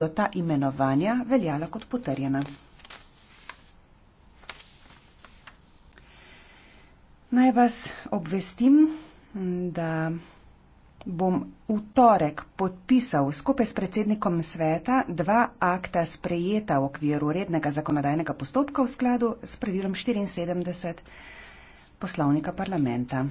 bodo ta imenovanja veljala kot potrjena. Naj vas obvestim, da bom v torek podpisal skupaj s predsednikom sveta dva akta sprejeta v okviru rednega zakonodajnega postopka v skladu s pravilom 74 poslovnika parlamenta.